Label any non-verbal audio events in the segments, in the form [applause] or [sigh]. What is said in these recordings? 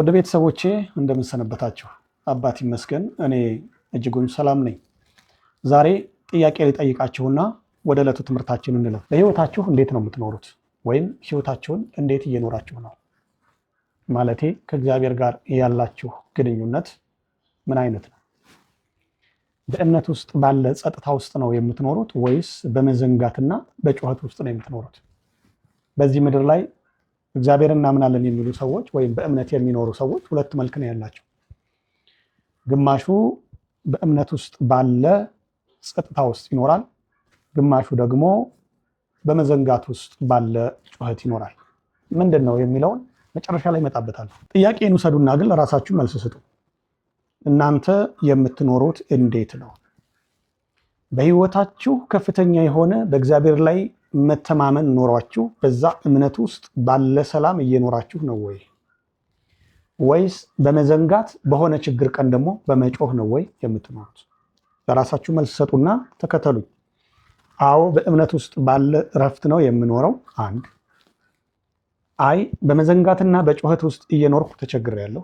ወደ ቤተሰቦቼ እንደምንሰነበታችሁ፣ አባት ይመስገን እኔ እጅጉን ሰላም ነኝ። ዛሬ ጥያቄ ሊጠይቃችሁና ወደ ዕለቱ ትምህርታችን እንለፍ። በህይወታችሁ እንዴት ነው የምትኖሩት? ወይም ህይወታችሁን እንዴት እየኖራችሁ ነው? ማለቴ ከእግዚአብሔር ጋር ያላችሁ ግንኙነት ምን አይነት ነው? በእምነት ውስጥ ባለ ጸጥታ ውስጥ ነው የምትኖሩት ወይስ በመዘንጋትና በጩኸት ውስጥ ነው የምትኖሩት? በዚህ ምድር ላይ እግዚአብሔር እናምናለን የሚሉ ሰዎች ወይም በእምነት የሚኖሩ ሰዎች ሁለት መልክ ነው ያላቸው። ግማሹ በእምነት ውስጥ ባለ ጸጥታ ውስጥ ይኖራል፣ ግማሹ ደግሞ በመዘንጋት ውስጥ ባለ ጩኸት ይኖራል። ምንድን ነው የሚለውን መጨረሻ ላይ ይመጣበታል። ጥያቄን ውሰዱና ግን ለራሳችሁ መልስ ስጡ። እናንተ የምትኖሩት እንዴት ነው? በህይወታችሁ ከፍተኛ የሆነ በእግዚአብሔር ላይ መተማመን ኖሯችሁ በዛ እምነት ውስጥ ባለ ሰላም እየኖራችሁ ነው ወይ? ወይስ በመዘንጋት በሆነ ችግር ቀን ደግሞ በመጮህ ነው ወይ የምትኖሩት? ለራሳችሁ መልስ ሰጡና ተከተሉኝ። አዎ በእምነት ውስጥ ባለ እረፍት ነው የምኖረው። አንድ አይ በመዘንጋትና በጩኸት ውስጥ እየኖርኩ ተቸግሬያለሁ፣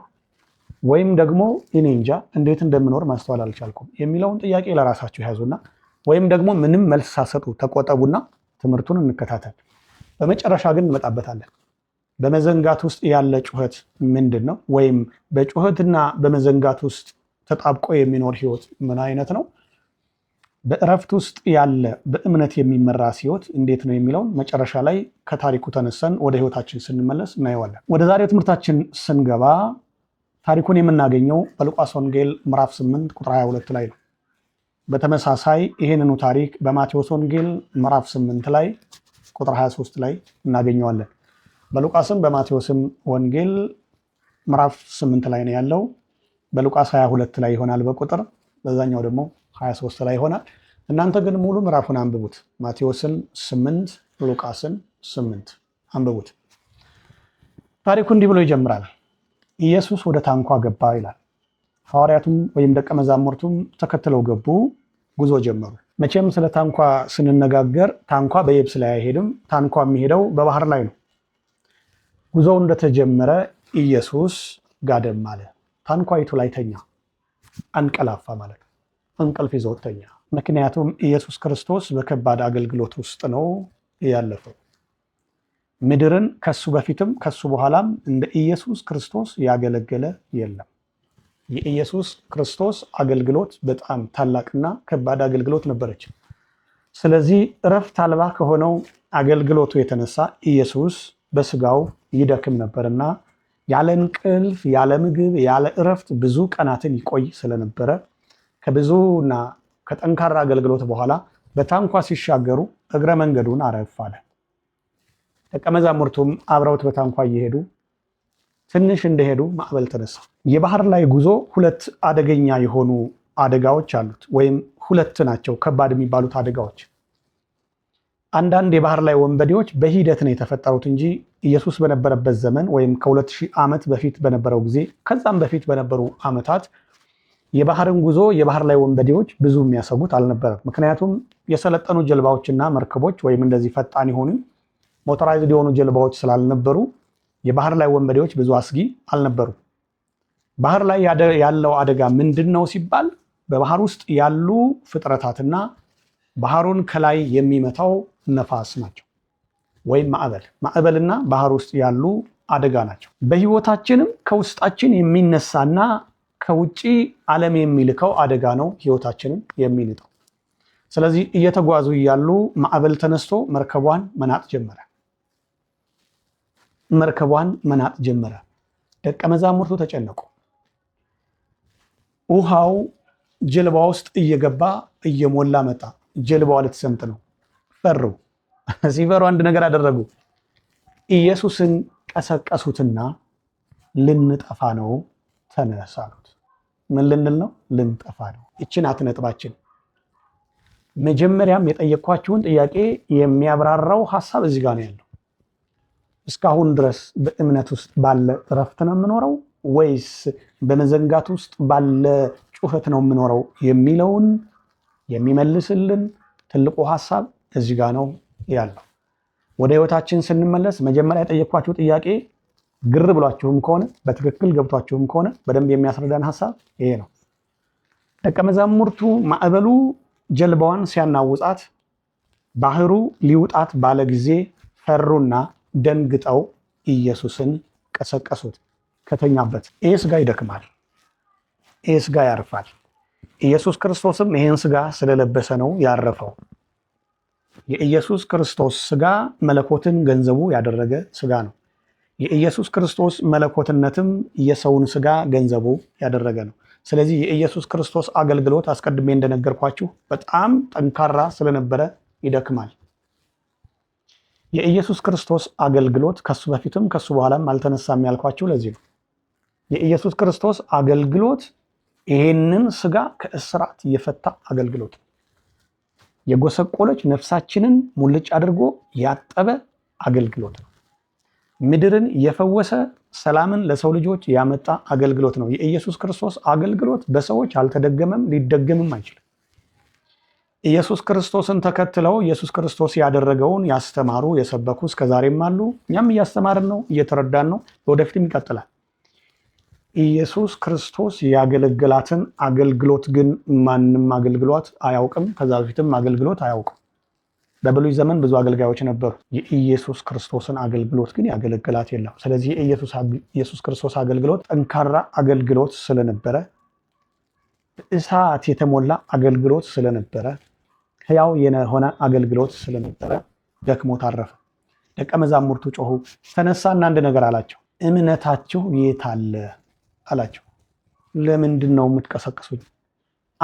ወይም ደግሞ እኔ እንጃ እንዴት እንደምኖር ማስተዋል አልቻልኩም የሚለውን ጥያቄ ለራሳችሁ ያዙና ወይም ደግሞ ምንም መልስ ሳሰጡ ተቆጠቡና ትምህርቱን እንከታተል። በመጨረሻ ግን እንመጣበታለን። በመዘንጋት ውስጥ ያለ ጩኸት ምንድን ነው? ወይም በጩኸትና በመዘንጋት ውስጥ ተጣብቆ የሚኖር ህይወት ምን አይነት ነው? በእረፍት ውስጥ ያለ በእምነት የሚመራ ህይወት እንዴት ነው የሚለውን መጨረሻ ላይ ከታሪኩ ተነሰን ወደ ህይወታችን ስንመለስ እናየዋለን። ወደ ዛሬው ትምህርታችን ስንገባ ታሪኩን የምናገኘው በሉቃስ ወንጌል ምዕራፍ 8 ቁጥር 22 ላይ ነው። በተመሳሳይ ይህንኑ ታሪክ በማቴዎስ ወንጌል ምዕራፍ 8 ላይ ቁጥር 23 ላይ እናገኘዋለን። በሉቃስም በማቴዎስም ወንጌል ምዕራፍ 8 ላይ ነው ያለው። በሉቃስ 22 ላይ ይሆናል በቁጥር በዛኛው ደግሞ 23 ላይ ይሆናል። እናንተ ግን ሙሉ ምዕራፉን አንብቡት። ማቴዎስን 8 ሉቃስን 8 አንብቡት። ታሪኩ እንዲህ ብሎ ይጀምራል። ኢየሱስ ወደ ታንኳ ገባ ይላል። ሐዋርያቱም ወይም ደቀ መዛሙርቱም ተከትለው ገቡ። ጉዞ ጀመሩ። መቼም ስለ ታንኳ ስንነጋገር ታንኳ በየብስ ላይ አይሄድም። ታንኳ የሚሄደው በባህር ላይ ነው። ጉዞው እንደተጀመረ ኢየሱስ ጋደም አለ። ታንኳይቱ ላይ ተኛ፣ አንቀላፋ ማለት ነው። እንቅልፍ ይዞተኛ ተኛ። ምክንያቱም ኢየሱስ ክርስቶስ በከባድ አገልግሎት ውስጥ ነው ያለፈው። ምድርን ከሱ በፊትም ከሱ በኋላም እንደ ኢየሱስ ክርስቶስ ያገለገለ የለም። የኢየሱስ ክርስቶስ አገልግሎት በጣም ታላቅና ከባድ አገልግሎት ነበረች። ስለዚህ እረፍት አልባ ከሆነው አገልግሎቱ የተነሳ ኢየሱስ በስጋው ይደክም ነበርና ያለ እንቅልፍ፣ ያለ ምግብ፣ ያለ እረፍት ብዙ ቀናትን ይቆይ ስለነበረ ከብዙና ከጠንካራ አገልግሎት በኋላ በታንኳ ሲሻገሩ እግረ መንገዱን አረፍ አለ። ደቀ መዛሙርቱም አብረውት በታንኳ እየሄዱ ትንሽ እንደሄዱ ማዕበል ተነሳ። የባህር ላይ ጉዞ ሁለት አደገኛ የሆኑ አደጋዎች አሉት፣ ወይም ሁለት ናቸው ከባድ የሚባሉት አደጋዎች። አንዳንድ የባህር ላይ ወንበዴዎች በሂደት ነው የተፈጠሩት እንጂ ኢየሱስ በነበረበት ዘመን ወይም ከ ሺህ ዓመት በፊት በነበረው ጊዜ ከዛም በፊት በነበሩ ዓመታት የባህርን ጉዞ የባህር ላይ ወንበዴዎች ብዙ የሚያሰጉት አልነበረም። ምክንያቱም የሰለጠኑ ጀልባዎችና መርከቦች ወይም እንደዚህ ፈጣን የሆኑ ሞተራይዝድ የሆኑ ጀልባዎች ስላልነበሩ የባህር ላይ ወንበዴዎች ብዙ አስጊ አልነበሩም። ባህር ላይ ያለው አደጋ ምንድን ነው ሲባል በባህር ውስጥ ያሉ ፍጥረታትና ባህሩን ከላይ የሚመታው ነፋስ ናቸው ወይም ማዕበል። ማዕበልና ባህር ውስጥ ያሉ አደጋ ናቸው። በህይወታችንም ከውስጣችን የሚነሳና ከውጭ ዓለም የሚልከው አደጋ ነው ህይወታችንን የሚንጠው። ስለዚህ እየተጓዙ እያሉ ማዕበል ተነስቶ መርከቧን መናጥ ጀመረ። መርከቧን መናጥ ጀመረ። ደቀ መዛሙርቱ ተጨነቁ። ውሃው ጀልባ ውስጥ እየገባ እየሞላ መጣ። ጀልባዋ ልትሰምጥ ነው። ፈሩ። [laughs] ሲፈሩ አንድ ነገር አደረጉ። ኢየሱስን ቀሰቀሱትና ልንጠፋ ነው ተነሳ አሉት። ምን ልንል ነው? ልንጠፋ ነው። ይችን አትነጥባችን። መጀመሪያም የጠየኳችሁን ጥያቄ የሚያብራራው ሀሳብ እዚህ ጋር ነው ያለው። እስካሁን ድረስ በእምነት ውስጥ ባለ እረፍት ነው የምኖረው ወይስ በመዘንጋት ውስጥ ባለ ጩኸት ነው የምኖረው የሚለውን የሚመልስልን ትልቁ ሀሳብ እዚህ ጋ ነው ያለው። ወደ ህይወታችን ስንመለስ መጀመሪያ የጠየኳችሁ ጥያቄ ግር ብሏችሁም ከሆነ በትክክል ገብቷችሁም ከሆነ በደንብ የሚያስረዳን ሀሳብ ይሄ ነው። ደቀ መዛሙርቱ ማዕበሉ ጀልባዋን ሲያናውጣት ባህሩ ሊውጣት ባለ ጊዜ ፈሩና ደንግጠው ኢየሱስን ቀሰቀሱት ከተኛበት። ይህ ስጋ ይደክማል፣ ይህ ስጋ ያርፋል። ኢየሱስ ክርስቶስም ይህን ስጋ ስለለበሰ ነው ያረፈው። የኢየሱስ ክርስቶስ ስጋ መለኮትን ገንዘቡ ያደረገ ስጋ ነው። የኢየሱስ ክርስቶስ መለኮትነትም የሰውን ስጋ ገንዘቡ ያደረገ ነው። ስለዚህ የኢየሱስ ክርስቶስ አገልግሎት አስቀድሜ እንደነገርኳችሁ በጣም ጠንካራ ስለነበረ ይደክማል። የኢየሱስ ክርስቶስ አገልግሎት ከሱ በፊትም ከሱ በኋላም አልተነሳም ያልኳቸው ለዚህ ነው። የኢየሱስ ክርስቶስ አገልግሎት ይሄንን ስጋ ከእስራት የፈታ አገልግሎት፣ የጎሰቆለች ነፍሳችንን ሙልጭ አድርጎ ያጠበ አገልግሎት ነው። ምድርን የፈወሰ ሰላምን ለሰው ልጆች ያመጣ አገልግሎት ነው። የኢየሱስ ክርስቶስ አገልግሎት በሰዎች አልተደገመም፣ ሊደገምም አይችልም። ኢየሱስ ክርስቶስን ተከትለው ኢየሱስ ክርስቶስ ያደረገውን ያስተማሩ የሰበኩ እስከዛሬም አሉ። እኛም እያስተማርን ነው፣ እየተረዳን ነው፣ ወደፊትም ይቀጥላል። ኢየሱስ ክርስቶስ ያገለገላትን አገልግሎት ግን ማንም አገልግሎት አያውቅም። ከዛ በፊትም አገልግሎት አያውቅም። በብሉይ ዘመን ብዙ አገልጋዮች ነበሩ። የኢየሱስ ክርስቶስን አገልግሎት ግን ያገለግላት የለም። ስለዚህ የኢየሱስ ክርስቶስ አገልግሎት ጠንካራ አገልግሎት ስለነበረ፣ እሳት የተሞላ አገልግሎት ስለነበረ ሕያው የሆነ አገልግሎት ስለነበረ ደክሞ ታረፈ። ደቀ መዛሙርቱ ጮሁ። ተነሳና አንድ ነገር አላቸው። እምነታችሁ የት አለ አላቸው። ለምንድን ነው የምትቀሰቅሱኝ?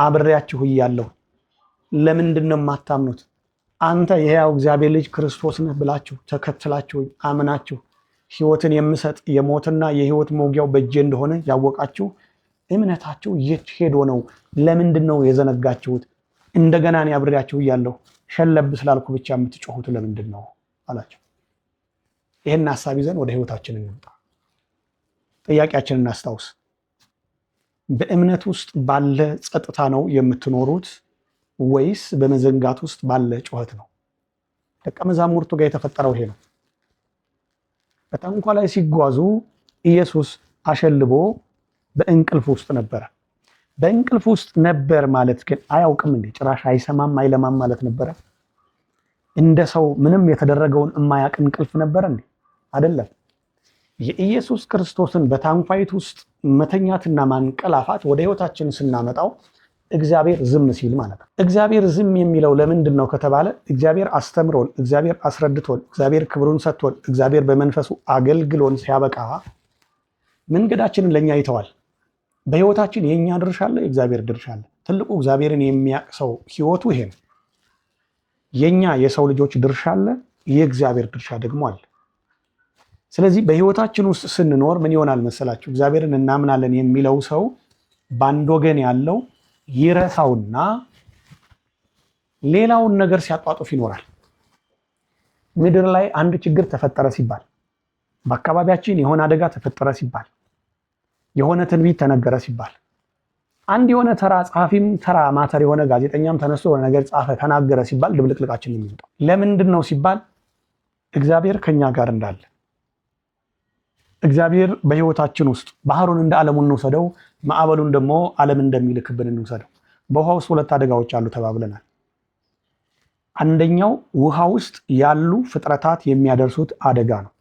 አብሬያችሁ እያለሁ ለምንድን ነው የማታምኑት? አንተ የሕያው እግዚአብሔር ልጅ ክርስቶስ ነህ ብላችሁ ተከትላችሁ አምናችሁ ሕይወትን የምሰጥ የሞትና የሕይወት መውጊያው በእጄ እንደሆነ ያወቃችሁ እምነታችሁ የት ሄዶ ነው? ለምንድን ነው የዘነጋችሁት? እንደገና እኔ አብሬያችሁ እያለሁ ሸለብ ስላልኩ ብቻ የምትጮሁት ለምንድን ነው አላቸው። ይህን ሀሳብ ይዘን ወደ ህይወታችን እንምጣ። ጥያቄያችንን እናስታውስ። በእምነት ውስጥ ባለ ጸጥታ ነው የምትኖሩት ወይስ በመዘንጋት ውስጥ ባለ ጩኸት ነው? ደቀ መዛሙርቱ ጋር የተፈጠረው ይሄ ነው። በታንኳ ላይ ሲጓዙ ኢየሱስ አሸልቦ በእንቅልፍ ውስጥ ነበረ። በእንቅልፍ ውስጥ ነበር ማለት ግን አያውቅም እንዴ? ጭራሽ አይሰማም አይለማም ማለት ነበረ? እንደ ሰው ምንም የተደረገውን የማያውቅ እንቅልፍ ነበር እንዴ? አይደለም። የኢየሱስ ክርስቶስን በታንኳይት ውስጥ መተኛትና ማንቀላፋት ወደ ህይወታችን ስናመጣው እግዚአብሔር ዝም ሲል ማለት ነው። እግዚአብሔር ዝም የሚለው ለምንድን ነው ከተባለ እግዚአብሔር አስተምሮን፣ እግዚአብሔር አስረድቶን፣ እግዚአብሔር ክብሩን ሰጥቶን፣ እግዚአብሔር በመንፈሱ አገልግሎን ሲያበቃ መንገዳችንን ለእኛ ይተዋል። በህይወታችን የእኛ ድርሻ አለ፣ የእግዚአብሔር ድርሻ አለ። ትልቁ እግዚአብሔርን የሚያቅ ሰው ህይወቱ ይሄ ነው። የእኛ የሰው ልጆች ድርሻ አለ፣ የእግዚአብሔር ድርሻ ደግሞ አለ። ስለዚህ በህይወታችን ውስጥ ስንኖር ምን ይሆናል መሰላችሁ? እግዚአብሔርን እናምናለን የሚለው ሰው በአንድ ወገን ያለው ይረሳውና ሌላውን ነገር ሲያጧጡፍ ይኖራል። ምድር ላይ አንድ ችግር ተፈጠረ ሲባል፣ በአካባቢያችን የሆነ አደጋ ተፈጠረ ሲባል የሆነ ትንቢት ተነገረ ሲባል አንድ የሆነ ተራ ጸሐፊም ተራ ማተር የሆነ ጋዜጠኛም ተነስቶ የሆነ ነገር ጻፈ ተናገረ ሲባል ድብልቅልቃችን የሚወጣው ለምንድን ነው ሲባል እግዚአብሔር ከኛ ጋር እንዳለ እግዚአብሔር በህይወታችን ውስጥ ባህሩን እንደ ዓለሙ እንውሰደው፣ ማዕበሉን ደግሞ ዓለም እንደሚልክብን እንውሰደው። በውሃ ውስጥ ሁለት አደጋዎች አሉ ተባብለናል። አንደኛው ውሃ ውስጥ ያሉ ፍጥረታት የሚያደርሱት አደጋ ነው።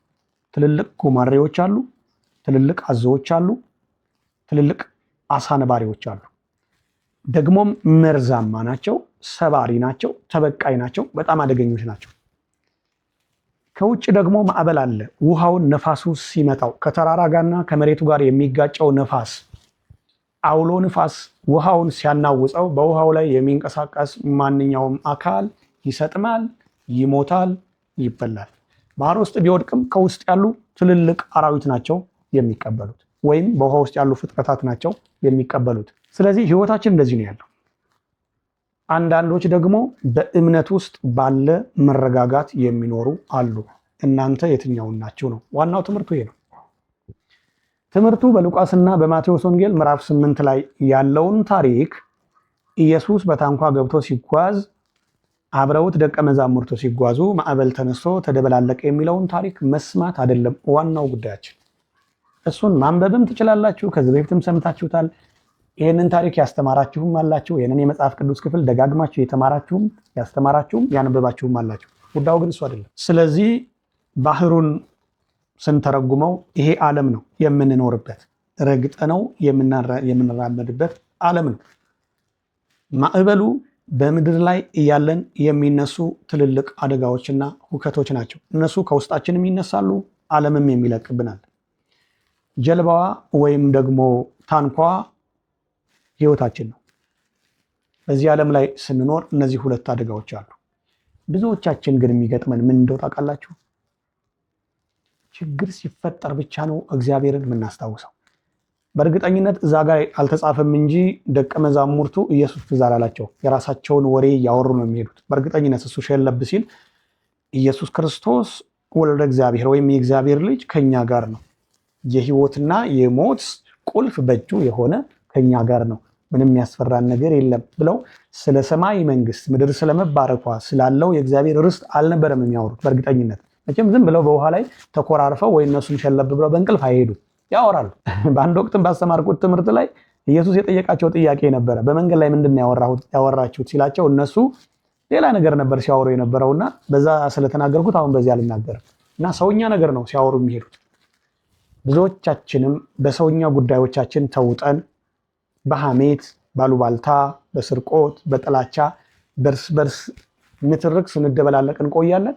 ትልልቅ ጉማሬዎች አሉ፣ ትልልቅ አዞዎች አሉ፣ ትልልቅ አሳ ነባሪዎች አሉ። ደግሞም መርዛማ ናቸው፣ ሰባሪ ናቸው፣ ተበቃይ ናቸው፣ በጣም አደገኞች ናቸው። ከውጭ ደግሞ ማዕበል አለ። ውሃውን ነፋሱ ሲመጣው ከተራራ ጋርና ከመሬቱ ጋር የሚጋጨው ነፋስ አውሎ ንፋስ ውሃውን ሲያናውፀው በውሃው ላይ የሚንቀሳቀስ ማንኛውም አካል ይሰጥማል፣ ይሞታል፣ ይበላል። ባህር ውስጥ ቢወድቅም ከውስጥ ያሉ ትልልቅ አራዊት ናቸው የሚቀበሉት። ወይም በውሃ ውስጥ ያሉ ፍጥረታት ናቸው የሚቀበሉት። ስለዚህ ህይወታችን እንደዚህ ነው ያለው። አንዳንዶች ደግሞ በእምነት ውስጥ ባለ መረጋጋት የሚኖሩ አሉ። እናንተ የትኛውን ናችሁ ነው ዋናው ትምህርቱ ይሄ ነው። ትምህርቱ በሉቃስና በማቴዎስ ወንጌል ምዕራፍ ስምንት ላይ ያለውን ታሪክ ኢየሱስ በታንኳ ገብቶ ሲጓዝ አብረውት ደቀ መዛሙርቱ ሲጓዙ ማዕበል ተነስቶ ተደበላለቀ የሚለውን ታሪክ መስማት አይደለም ዋናው ጉዳያችን። እሱን ማንበብም ትችላላችሁ። ከዚህ በፊትም ሰምታችሁታል። ይህንን ታሪክ ያስተማራችሁም አላችሁ። ይህንን የመጽሐፍ ቅዱስ ክፍል ደጋግማችሁ የተማራችሁም ያስተማራችሁም ያነበባችሁም አላችሁ። ጉዳዩ ግን እሱ አይደለም። ስለዚህ ባህሩን ስንተረጉመው ይሄ ዓለም ነው የምንኖርበት፣ ረግጠ ነው የምንራመድበት ዓለም ነው። ማዕበሉ በምድር ላይ እያለን የሚነሱ ትልልቅ አደጋዎችና ሁከቶች ናቸው። እነሱ ከውስጣችንም ይነሳሉ፣ ዓለምም የሚለቅብናል። ጀልባዋ ወይም ደግሞ ታንኳ ህይወታችን ነው። በዚህ ዓለም ላይ ስንኖር እነዚህ ሁለት አደጋዎች አሉ። ብዙዎቻችን ግን የሚገጥመን ምን እንደው ታውቃላችሁ? ችግር ሲፈጠር ብቻ ነው እግዚአብሔርን የምናስታውሰው። በእርግጠኝነት እዛ ጋር አልተጻፈም እንጂ ደቀ መዛሙርቱ ኢየሱስ ትዝ አላላቸው። የራሳቸውን ወሬ እያወሩ ነው የሚሄዱት። በእርግጠኝነት እሱ ሸለብ ሲል ኢየሱስ ክርስቶስ ወልደ እግዚአብሔር ወይም የእግዚአብሔር ልጅ ከኛ ጋር ነው የህይወትና የሞት ቁልፍ በእጁ የሆነ ከኛ ጋር ነው፣ ምንም የሚያስፈራን ነገር የለም ብለው ስለ ሰማይ መንግስት ምድር ስለመባረኳ ስላለው የእግዚአብሔር ርስት አልነበረም የሚያወሩት። በእርግጠኝነት መቼም ዝም ብለው በውሃ ላይ ተኮራርፈው ወይ እነሱም ሸለብ ብለው በእንቅልፍ አይሄዱ፣ ያወራሉ። [laughs] በአንድ ወቅትም ባስተማርኩት ትምህርት ላይ ኢየሱስ የጠየቃቸው ጥያቄ ነበረ። በመንገድ ላይ ምንድን ያወራችሁት ሲላቸው እነሱ ሌላ ነገር ነበር ሲያወሩ የነበረውና በዛ ስለተናገርኩት አሁን በዚህ አልናገርም እና ሰውኛ ነገር ነው ሲያወሩ የሚሄዱት ብዙዎቻችንም በሰውኛ ጉዳዮቻችን ተውጠን በሐሜት፣ ባሉባልታ፣ በስርቆት፣ በጥላቻ በርስ በርስ ንትርክ ስንደበላለቅ እንቆያለን።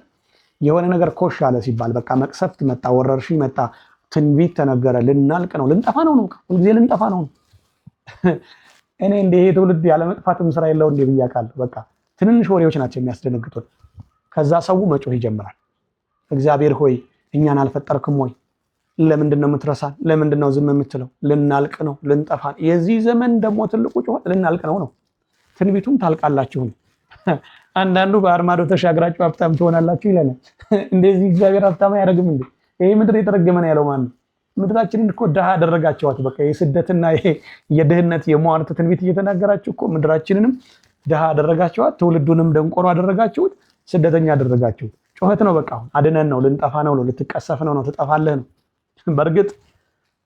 የሆነ ነገር ኮሽ አለ ሲባል በቃ መቅሰፍት መጣ፣ ወረርሽኝ መጣ፣ ትንቢት ተነገረ፣ ልናልቅ ነው፣ ልንጠፋ ነው ነው ሁልጊዜ ልንጠፋ ነው። [laughs] እኔ እንደ ይሄ ትውልድ ያለመጥፋትም ስራ የለው እንዲ ብያቃል። በቃ ትንንሽ ወሬዎች ናቸው የሚያስደነግጡን። ከዛ ሰው መጮህ ይጀምራል። እግዚአብሔር ሆይ እኛን አልፈጠርክም ወይ ለምንድን ነው የምትረሳን? ለምንድን ነው ዝም የምትለው? ልናልቅ ነው፣ ልንጠፋ። የዚህ ዘመን ደግሞ ትልቁ ጩኸት ልናልቅ ነው ነው። ትንቢቱም ታልቃላችሁ ነው። [laughs] አንዳንዱ በአርማዶ ተሻግራችሁ ሀብታም ትሆናላችሁ ይላል። [laughs] እንደዚህ እግዚአብሔር ሀብታም አያደርግም እንዴ? ይህ ምድር የተረገመን ያለው ማን ነው? ምድራችንን እኮ ድሃ አደረጋቸዋት። በቃ የስደትና የድህነት የሟርት ትንቢት እየተናገራችሁ እኮ ምድራችንንም ድሃ አደረጋቸዋት፣ ትውልዱንም ደንቆሮ አደረጋችሁት፣ ስደተኛ አደረጋችሁት። ጩኸት ነው በቃ አሁን አድነን ነው፣ ልንጠፋ ነው ነው፣ ልትቀሰፍ ነው ነው፣ ትጠፋለህ ነው በእርግጥ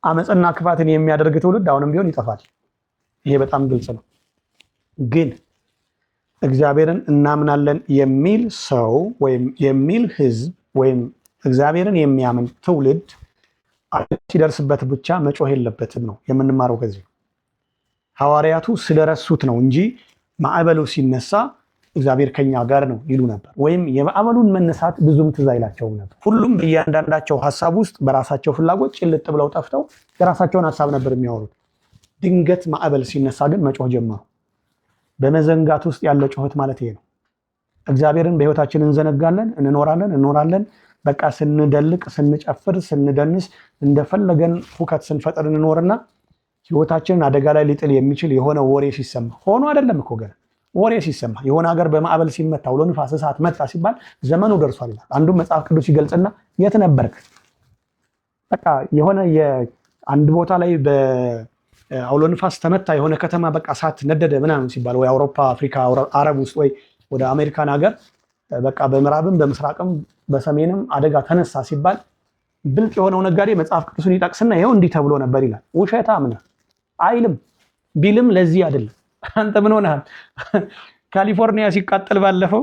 አመፅና ክፋትን የሚያደርግ ትውልድ አሁንም ቢሆን ይጠፋል። ይሄ በጣም ግልጽ ነው። ግን እግዚአብሔርን እናምናለን የሚል ሰው ወይም የሚል ህዝብ ወይም እግዚአብሔርን የሚያምን ትውልድ ሲደርስበት ብቻ መጮህ የለበትም ነው የምንማረው ከዚህ ሐዋርያቱ ስለረሱት ነው እንጂ ማዕበሉ ሲነሳ እግዚአብሔር ከኛ ጋር ነው ይሉ ነበር፣ ወይም የማዕበሉን መነሳት ብዙም ትዝ አይላቸውም ነበር። ሁሉም በእያንዳንዳቸው ሀሳብ ውስጥ በራሳቸው ፍላጎት ጭልጥ ብለው ጠፍተው የራሳቸውን ሀሳብ ነበር የሚያወሩት። ድንገት ማዕበል ሲነሳ ግን መጮህ ጀመሩ። በመዘንጋት ውስጥ ያለ ጩኸት ማለት ይሄ ነው። እግዚአብሔርን በህይወታችን እንዘነጋለን፣ እንኖራለን እንኖራለን በቃ ስንደልቅ፣ ስንጨፍር፣ ስንደንስ እንደፈለገን ሁከት ስንፈጥር እንኖርና ህይወታችንን አደጋ ላይ ሊጥል የሚችል የሆነ ወሬ ሲሰማ ሆኖ አይደለም እኮ ገና ወሬ ሲሰማ የሆነ ሀገር በማዕበል ሲመታ ውሎ ንፋስ እሳት መታ ሲባል ዘመኑ ደርሷል ይላል። አንዱን መጽሐፍ ቅዱስ ይገልጽና የት ነበርክ? በቃ የሆነ አንድ ቦታ ላይ በአውሎ ንፋስ ተመታ የሆነ ከተማ በቃ እሳት ነደደ ምናምን ሲባል ወይ አውሮፓ፣ አፍሪካ፣ አረብ ውስጥ ወይ ወደ አሜሪካን ሀገር በቃ በምዕራብም በምስራቅም በሰሜንም አደጋ ተነሳ ሲባል ብልጥ የሆነው ነጋዴ መጽሐፍ ቅዱስን ይጠቅስና ይኸው እንዲህ ተብሎ ነበር ይላል። ውሸታም ነህ አይልም። ቢልም ለዚህ አይደለም አንተ ምን ሆነሃል? ካሊፎርኒያ ሲቃጠል ባለፈው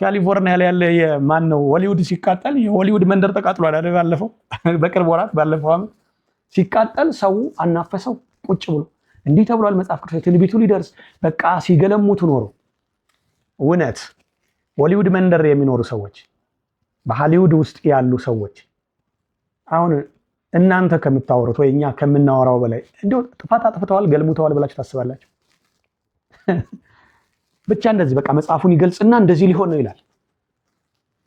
ካሊፎርኒያ ላይ ያለ የማን ነው ሆሊውድ ሲቃጠል የሆሊውድ መንደር ተቃጥሏል አለ ባለፈው በቅርብ ወራት ባለፈው አመት ሲቃጠል ሰው አናፈሰው ቁጭ ብሎ እንዲህ ተብሏል መጽሐፍ ቅዱስ ትንቢቱ ሊደርስ በቃ ሲገለሙት ኖሮ እውነት ሆሊውድ መንደር የሚኖሩ ሰዎች በሃሊውድ ውስጥ ያሉ ሰዎች አሁን እናንተ ከምታወሩት ወይ እኛ ከምናወራው በላይ እንዲሁ ጥፋት አጥፍተዋል ገልሙተዋል ብላችሁ ታስባላችሁ? [laughs] ብቻ እንደዚህ በቃ መጽሐፉን ይገልጽና እንደዚህ ሊሆን ነው ይላል።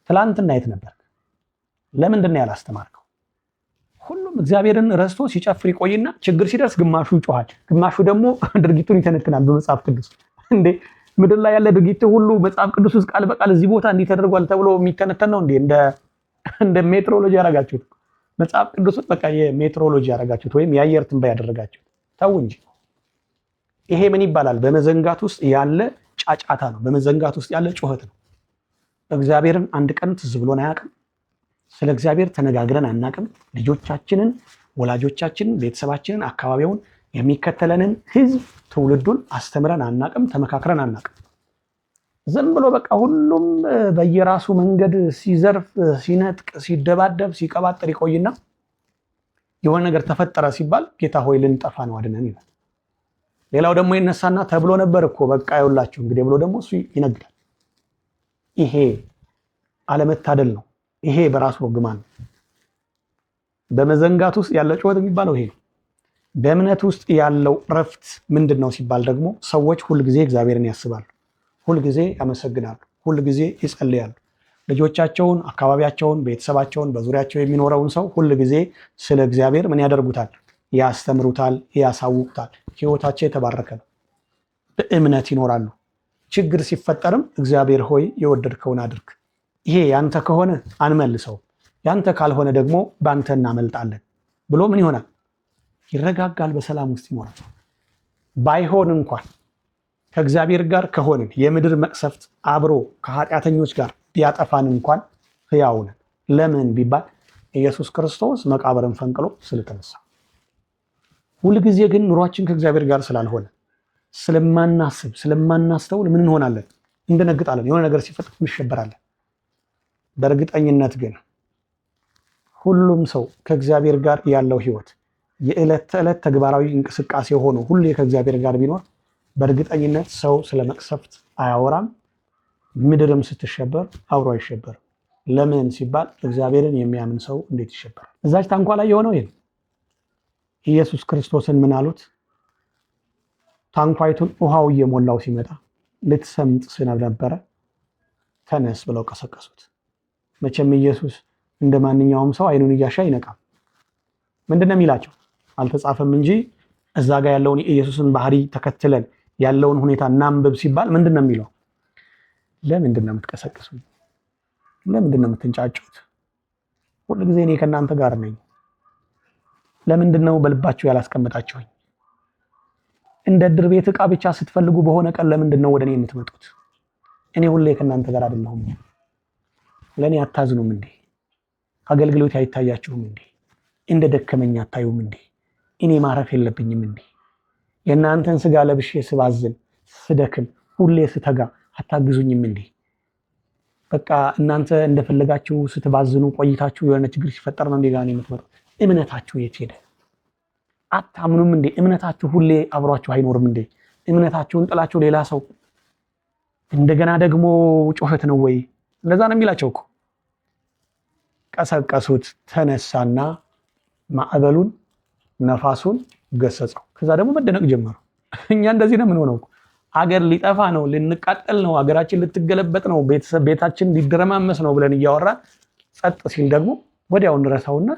ትላንትና የት ነበርክ? ለምንድን ነው ያላስተማርከው? ሁሉም እግዚአብሔርን ረስቶ ሲጨፍር ይቆይና ችግር ሲደርስ ግማሹ ይጮሃል፣ ግማሹ ደግሞ [laughs] ድርጊቱን ይተነትናል በመጽሐፍ ቅዱስ። [laughs] እንዴ ምድር ላይ ያለ ድርጊት ሁሉ መጽሐፍ ቅዱስ ውስጥ ቃል በቃል እዚህ ቦታ እንዲህ ተደርጓል ተብሎ የሚተነተን ነው እንዴ? እንደ ሜትሮሎጂ ያደረጋችሁት መጽሐፍ ቅዱስ በቃ የሜትሮሎጂ ያደረጋችሁት ወይም የአየር ትንባይ ያደረጋችሁት ተው እንጂ። ይሄ ምን ይባላል? በመዘንጋት ውስጥ ያለ ጫጫታ ነው። በመዘንጋት ውስጥ ያለ ጩኸት ነው። እግዚአብሔርን አንድ ቀን ትዝ ብሎን አያውቅም። ስለ እግዚአብሔር ተነጋግረን አናውቅም። ልጆቻችንን፣ ወላጆቻችንን፣ ቤተሰባችንን፣ አካባቢውን የሚከተለንን ህዝብ ትውልዱን አስተምረን አናውቅም። ተመካክረን አናውቅም። ዝም ብሎ በቃ ሁሉም በየራሱ መንገድ ሲዘርፍ፣ ሲነጥቅ፣ ሲደባደብ፣ ሲቀባጥር ይቆይና የሆነ ነገር ተፈጠረ ሲባል ጌታ ሆይ ልንጠፋ ነው አድነን ይላል። ሌላው ደግሞ ይነሳና ተብሎ ነበር እኮ በቃ ይውላችሁ እንግዲህ ብሎ ደግሞ እሱ ይነግዳል። ይሄ አለመታደል ነው። ይሄ በራሱ ግማን ነው። በመዘንጋት ውስጥ ያለ ጩኸት የሚባለው ይሄ ነው። በእምነት ውስጥ ያለው እረፍት ምንድን ነው ሲባል ደግሞ ሰዎች ሁልጊዜ እግዚአብሔርን ያስባሉ። ሁልጊዜ ያመሰግናሉ፣ ሁልጊዜ ይጸልያሉ። ልጆቻቸውን፣ አካባቢያቸውን፣ ቤተሰባቸውን፣ በዙሪያቸው የሚኖረውን ሰው ሁልጊዜ ስለ እግዚአብሔር ምን ያደርጉታል? ያስተምሩታል፣ ያሳውቁታል። ህይወታቸው የተባረከ ነው። በእምነት ይኖራሉ። ችግር ሲፈጠርም እግዚአብሔር ሆይ የወደድከውን አድርግ፣ ይሄ ያንተ ከሆነ አንመልሰውም፣ ያንተ ካልሆነ ደግሞ በአንተ እናመልጣለን ብሎ ምን ይሆናል? ይረጋጋል፣ በሰላም ውስጥ ይኖራል። ባይሆን እንኳን ከእግዚአብሔር ጋር ከሆንን የምድር መቅሰፍት አብሮ ከኃጢአተኞች ጋር ቢያጠፋን እንኳን ሕያው ነን። ለምን ቢባል ኢየሱስ ክርስቶስ መቃብርን ፈንቅሎ ስለተነሳ። ሁልጊዜ ግን ኑሯችን ከእግዚአብሔር ጋር ስላልሆነ ስለማናስብ፣ ስለማናስተውል ምን እንሆናለን? እንደነግጣለን። የሆነ ነገር ሲፈጥቅ እንሸበራለን። በእርግጠኝነት ግን ሁሉም ሰው ከእግዚአብሔር ጋር ያለው ሕይወት የዕለት ተዕለት ተግባራዊ እንቅስቃሴ ሆኖ ሁሌ ከእግዚአብሔር ጋር ቢኖር በእርግጠኝነት ሰው ስለ መቅሰፍት አያወራም። ምድርም ስትሸበር አብሮ አይሸበርም። ለምን ሲባል እግዚአብሔርን የሚያምን ሰው እንዴት ይሸበራል? እዛች ታንኳ ላይ የሆነው ይህ ኢየሱስ ክርስቶስን ምን አሉት? ታንኳይቱን ውሃው እየሞላው ሲመጣ ልትሰምጥ ነበረ፣ ተነስ ብለው ቀሰቀሱት። መቼም ኢየሱስ እንደ ማንኛውም ሰው አይኑን እያሻ አይነቃም። ምንድን ሚላቸው? የሚላቸው? አልተጻፈም እንጂ እዛ ጋ ያለውን የኢየሱስን ባህሪ ተከትለን ያለውን ሁኔታ እናንብብ ሲባል ምንድን ነው የሚለው? ለምንድን ነው የምትቀሰቅሱ? ለምንድን ነው የምትንጫጩት? ሁል ጊዜ እኔ ከእናንተ ጋር ነኝ። ለምንድን ነው በልባችሁ ያላስቀምጣችሁኝ? እንደ ድር ቤት እቃ ብቻ ስትፈልጉ በሆነ ቀን ለምንድን ነው ወደ እኔ የምትመጡት? እኔ ሁሌ ከእናንተ ጋር አይደለሁም? ለእኔ አታዝኑም እንዴ? አገልግሎት አይታያችሁም እንዴ? እንደ ደከመኝ አታዩም እንዴ? እኔ ማረፍ የለብኝም እንዴ? የእናንተን ስጋ ለብሼ ስባዝን ስደክም ሁሌ ስተጋ አታግዙኝም እንዴ? በቃ እናንተ እንደፈለጋችሁ ስትባዝኑ ቆይታችሁ የሆነ ችግር ሲፈጠር ነው ሌላ የምትመጡት። እምነታችሁ የት ሄደ? አታምኑም እንዴ? እምነታችሁ ሁሌ አብሯችሁ አይኖርም እንዴ? እምነታችሁን ጥላችሁ ሌላ ሰው እንደገና ደግሞ ጩኸት ነው ወይ? እንደዛ ነው የሚላቸው እኮ። ቀሰቀሱት። ተነሳና ማዕበሉን ነፋሱን ገሰጸው። ከዛ ደግሞ መደነቅ ጀመሩ እኛ እንደዚህ ነው የምንሆነው። አገር ሊጠፋ ነው፣ ልንቃጠል ነው፣ አገራችን ልትገለበጥ ነው፣ ቤታችን ሊደረማመስ ነው ብለን እያወራን ጸጥ ሲል ደግሞ ወዲያው እንረሳውና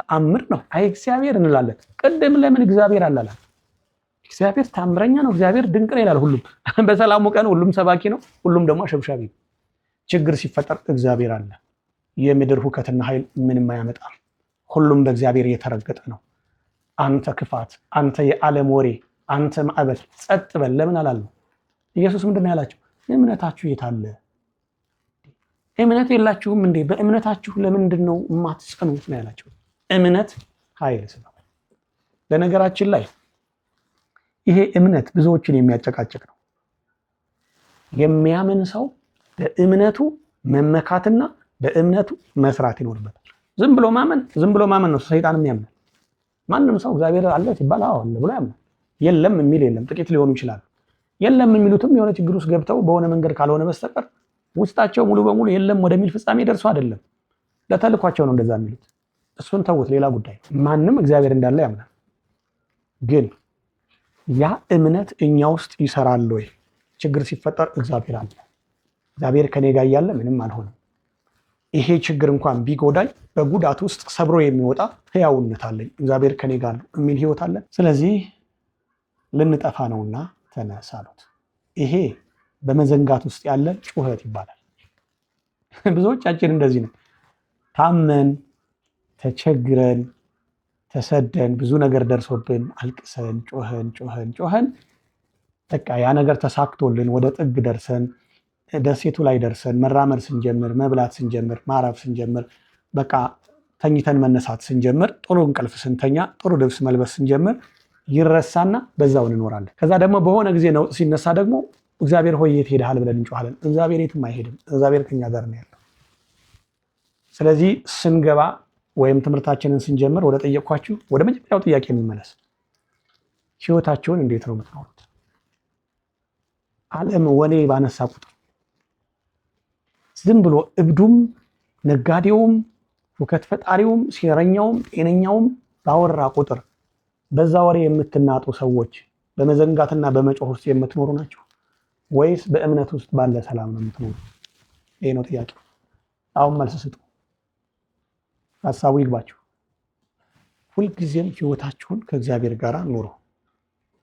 ተአምር ነው አይ እግዚአብሔር እንላለን። ቅድም ለምን እግዚአብሔር አላላል? እግዚአብሔር ታምረኛ ነው፣ እግዚአብሔር ድንቅ ነው ይላል ሁሉም። [laughs] በሰላሙ ቀን ሁሉም ሰባኪ ነው፣ ሁሉም ደግሞ አሸብሻቢ ነው። ችግር ሲፈጠር እግዚአብሔር አለ። የምድር ሁከትና ኃይል ምንም አያመጣም። ሁሉም በእግዚአብሔር እየተረገጠ ነው። አንተ ክፋት፣ አንተ የዓለም ወሬ፣ አንተ ማዕበል ጸጥ በል ለምን አላሉ? ኢየሱስ ምንድን ነው ያላቸው? እምነታችሁ የት አለ? እምነት የላችሁም እንዴ? በእምነታችሁ ለምንድን ነው የማትጸኑት ነው ያላቸው። እምነት ኃይል ስለሆነ በነገራችን ላይ ይሄ እምነት ብዙዎችን የሚያጨቃጭቅ ነው። የሚያምን ሰው በእምነቱ መመካትና በእምነቱ መስራት ይኖርበታል። ዝም ብሎ ማመን ዝም ብሎ ማመን ነው ሰይጣን የሚያምን ማንም ሰው እግዚአብሔር አለ ሲባል አዎ አለ ብሎ ያምናል። የለም የሚል የለም፣ ጥቂት ሊሆኑ ይችላሉ። የለም የሚሉትም የሆነ ችግር ውስጥ ገብተው በሆነ መንገድ ካልሆነ በስተቀር ውስጣቸው ሙሉ በሙሉ የለም ወደሚል ፍጻሜ ደርሶ አይደለም። ለተልኳቸው ነው እንደዛ የሚሉት። እሱን ተውት፣ ሌላ ጉዳይ። ማንም እግዚአብሔር እንዳለ ያምናል። ግን ያ እምነት እኛ ውስጥ ይሰራል ወይ? ችግር ሲፈጠር እግዚአብሔር አለ፣ እግዚአብሔር ከኔ ጋር እያለ ምንም አልሆነም ይሄ ችግር እንኳን ቢጎዳኝ በጉዳት ውስጥ ሰብሮ የሚወጣ ህያውነት አለኝ፣ እግዚአብሔር ከኔ ጋር ነው የሚል ህይወት አለ። ስለዚህ ልንጠፋ ነውና ተነስ አሉት። ይሄ በመዘንጋት ውስጥ ያለ ጩኸት ይባላል። ብዙዎቻችን እንደዚህ ነው። ታመን፣ ተቸግረን፣ ተሰደን፣ ብዙ ነገር ደርሶብን አልቅሰን፣ ጮኸን ጮኸን ጮኸን በቃ ያ ነገር ተሳክቶልን ወደ ጥግ ደርሰን ደሴቱ ላይ ደርሰን መራመድ ስንጀምር፣ መብላት ስንጀምር፣ ማረፍ ስንጀምር፣ በቃ ተኝተን መነሳት ስንጀምር፣ ጥሩ እንቅልፍ ስንተኛ፣ ጥሩ ልብስ መልበስ ስንጀምር ይረሳና በዛውን እንኖራለን። ከዛ ደግሞ በሆነ ጊዜ ነውጥ ሲነሳ ደግሞ እግዚአብሔር ሆይ የት ሄደሃል ብለን እንጮኋለን። እግዚአብሔር የትም አይሄድም። እግዚአብሔር ከኛ ጋር ነው ያለው። ስለዚህ ስንገባ ወይም ትምህርታችንን ስንጀምር ወደ ጠየቅኳችሁ ወደ መጀመሪያው ጥያቄ የሚመለስ ህይወታችሁን እንዴት ነው የምትኖሩት? ዓለም ወኔ ባነሳ ቁጥር ዝም ብሎ እብዱም ነጋዴውም ሁከት ፈጣሪውም ሴረኛውም ጤነኛውም ባወራ ቁጥር በዛ ወሬ የምትናጡ ሰዎች በመዘንጋትና በመጮህ ውስጥ የምትኖሩ ናቸው ወይስ በእምነት ውስጥ ባለ ሰላም ነው የምትኖሩ? ይህ ነው ጥያቄ። አሁን መልስ ስጡ። ሀሳቡ ይግባችሁ። ሁልጊዜም ህይወታችሁን ከእግዚአብሔር ጋር ኑሩ።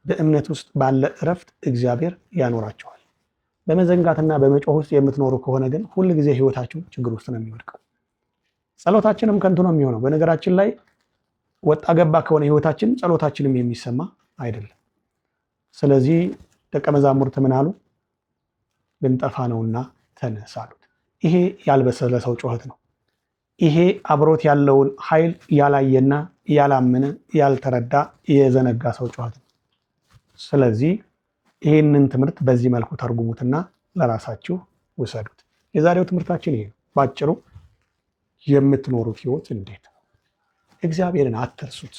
በእምነት ውስጥ ባለ እረፍት እግዚአብሔር ያኖራቸዋል። በመዘንጋትና በመጮህ ውስጥ የምትኖሩ ከሆነ ግን ሁል ጊዜ ህይወታችሁ ችግር ውስጥ ነው የሚወድቀው። ጸሎታችንም ከንቱ ነው የሚሆነው። በነገራችን ላይ ወጣ ገባ ከሆነ ህይወታችን ጸሎታችንም የሚሰማ አይደለም። ስለዚህ ደቀ መዛሙርት ምን አሉ? ልንጠፋ ነውና ተነስ አሉት። ይሄ ያልበሰለ ሰው ጩኸት ነው። ይሄ አብሮት ያለውን ኃይል ያላየና ያላመነ ያልተረዳ የዘነጋ ሰው ጩኸት ነው። ስለዚህ ይህንን ትምህርት በዚህ መልኩ ተርጉሙትና ለራሳችሁ ውሰዱት። የዛሬው ትምህርታችን ይሄ ባጭሩ፣ የምትኖሩት ህይወት እንዴት ነው? እግዚአብሔርን አትርሱት።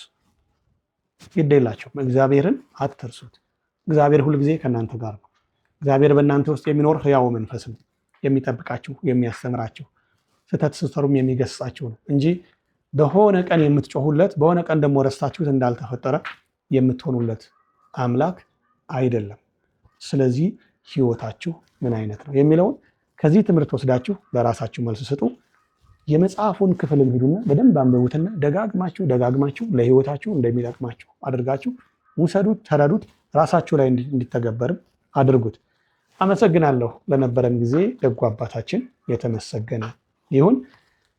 ግድ እግዚአብሔርን አትርሱት። እግዚአብሔር ሁልጊዜ ከእናንተ ጋር ነው። እግዚአብሔር በእናንተ ውስጥ የሚኖር ህያው መንፈስ ነው። የሚጠብቃችሁ፣ የሚያስተምራችሁ፣ ስህተት ስትሰሩም የሚገስጻችሁ ነው እንጂ በሆነ ቀን የምትጮሁለት በሆነ ቀን ደግሞ ረስታችሁት እንዳልተፈጠረ የምትሆኑለት አምላክ አይደለም። ስለዚህ ህይወታችሁ ምን አይነት ነው የሚለውን ከዚህ ትምህርት ወስዳችሁ ለራሳችሁ መልስ ስጡ። የመጽሐፉን ክፍል ሂዱና በደንብ አንብቡትና ደጋግማችሁ ደጋግማችሁ ለህይወታችሁ እንደሚጠቅማችሁ አድርጋችሁ ውሰዱት፣ ተረዱት፣ ራሳችሁ ላይ እንዲተገበርም አድርጉት። አመሰግናለሁ። ለነበረን ጊዜ ደጎ አባታችን የተመሰገነ ይሁን።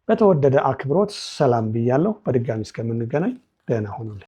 በተወደደ አክብሮት ሰላም ብያለሁ። በድጋሚ እስከምንገናኝ ደህና ሁኑልን።